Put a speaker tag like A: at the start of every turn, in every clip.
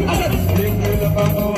A: Thank you.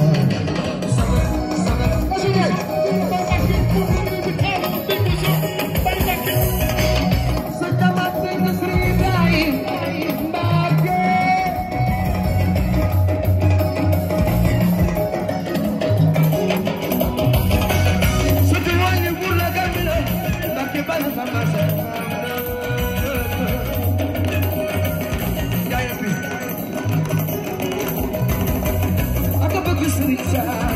A: side.